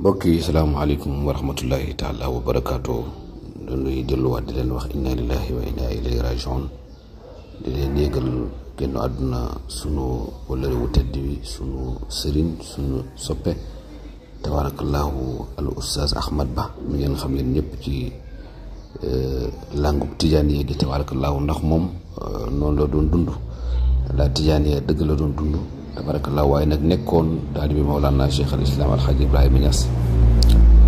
بوكي السلام عليكم ورحمة الله تعالى وبركاته دلو يدلو دلن وخ إنا لله وإنا إليه راجعون دلن يقل كنو أدنا سنو ولر وتدبي سنو سرين سنو سبب تبارك الله الأستاذ أحمد با مين خمل نبتي لانغوب تجاني تبارك الله نخمم نون دندو لا تجاني دقل دندو بارك الله واي نك نيكون دالي مولانا الاسلام الحاج ابراهيم نياس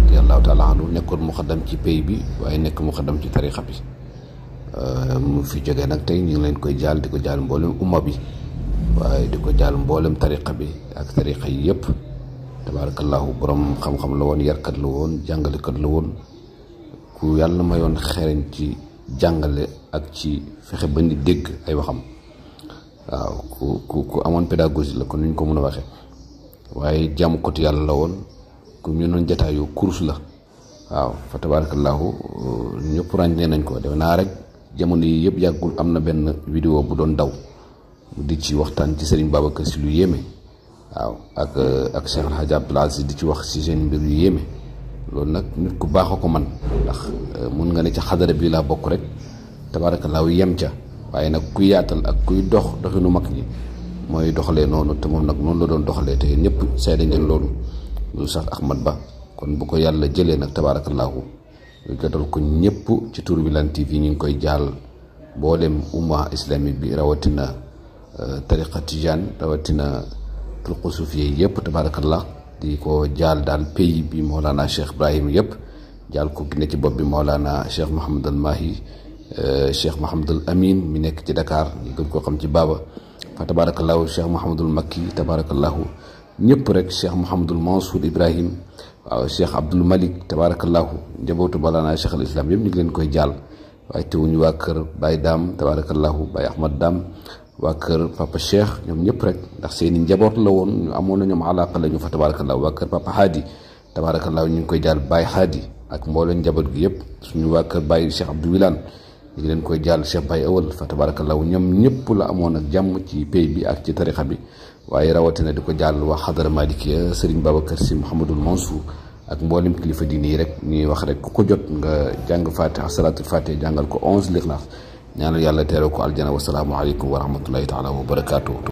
رضي الله تعالى عنه نيكون مقدم تي بي بي واي نك مقدم تاريخ بي في جوغي نك تاي كوي جال ديكو جال مبولم امه بي واي ديكو جال مبولم تاريخ بي اك تاريخ تبارك الله بروم خم خم لوون يركات لوون جانغال كات لوون كو يالنا مايون خيرن تي جانغال اك تي فخه بني ديغ waaw ku ku ku amoon pédagogie la kon ni ñu ko mën a waxee waaye jàmm côté yàlla la woon ku ñu doon jataayu course la waaw fa tabarakallahu ñëpp ràññee nañ ko defe naa rek jamono yi yëpp yàggul am na benn vidéo bu doon daw di ci waxtaan ci Serigne Babacar si lu yéeme waaw ak ak Cheikh El Hadj di ci wax si seen mbir yu yéeme loolu nag nit ku baax a ko man ndax mun nga ne ca xadara bi laa bokk rek tabarakallahu yem ca waaye nag ku yaatal ak kuy dox doxinu mag ñi mooy doxalee noonu te moom nag noonu la doon doxalee te ñëpp seede ngeen loolu lu sax Ahmad Ba kon bu ko yàlla jëlee nag tabaarakallaahu jotal ko ñëpp ci tur bi Wilane TV ñu ngi koy jaal mboolem umma islamique bi rawatina euh, tariqa tijaan rawatina turqu suufiye yëpp tabaarakallah di ko jaal daal pays bi Mawlana Cheikh Ibrahim yëpp jaal ko gine ci bopp bi Mawlana Cheikh Mouhamadul Mahi Euh, cheikh Mahamadul Amin mi nekk ci Dakar ñu gën koo xam ci Baba fa tabaarakallaahu cheikh Mahamadul Makki tabaarakallaahu ñëpp rek cheikh Mahamadul Mansour Ibrahim waaw cheikh Abdul Malik tabaarakallaahu njabootu balana cheikh al islam yëpp ñu ngi leen koy jaal waaye teewuñu waa kër Baye Daam tabaarakallaahu Baye Ahmad Daam waa kër papa cheikh ñoom ñëpp rek ndax seeni njaboot la woon ñu amoon na ñoom alaaka la ñu fa tabaarakallaahu waa kër papa Haadi tabaarakallaahu ñu ngi koy jaal Baye Haadi ak mboolem njaboot gi yëpp suñu waa kër Baye Cheikh Abdou Wilane ñu ngi leen koy jàll Cheikh Baye Awal fa tabarakallahu ñoom ñëpp la amoon ak jàmm ci pay bi ak ci tarixa bi waaye rawatina di ko jàll waa xadara malikiya Serigne Babacar Sy Mouhamadul Mansour ak mboolem kilifa diine yi rek ñuy wax rek ku ko jot nga jàng fatiha salaatul fatiha jàngal ko onze lixlaas ñaanal yàlla teeru ko aljana wasalaamualeykum wa rahmatullahi taala wa barakaatu.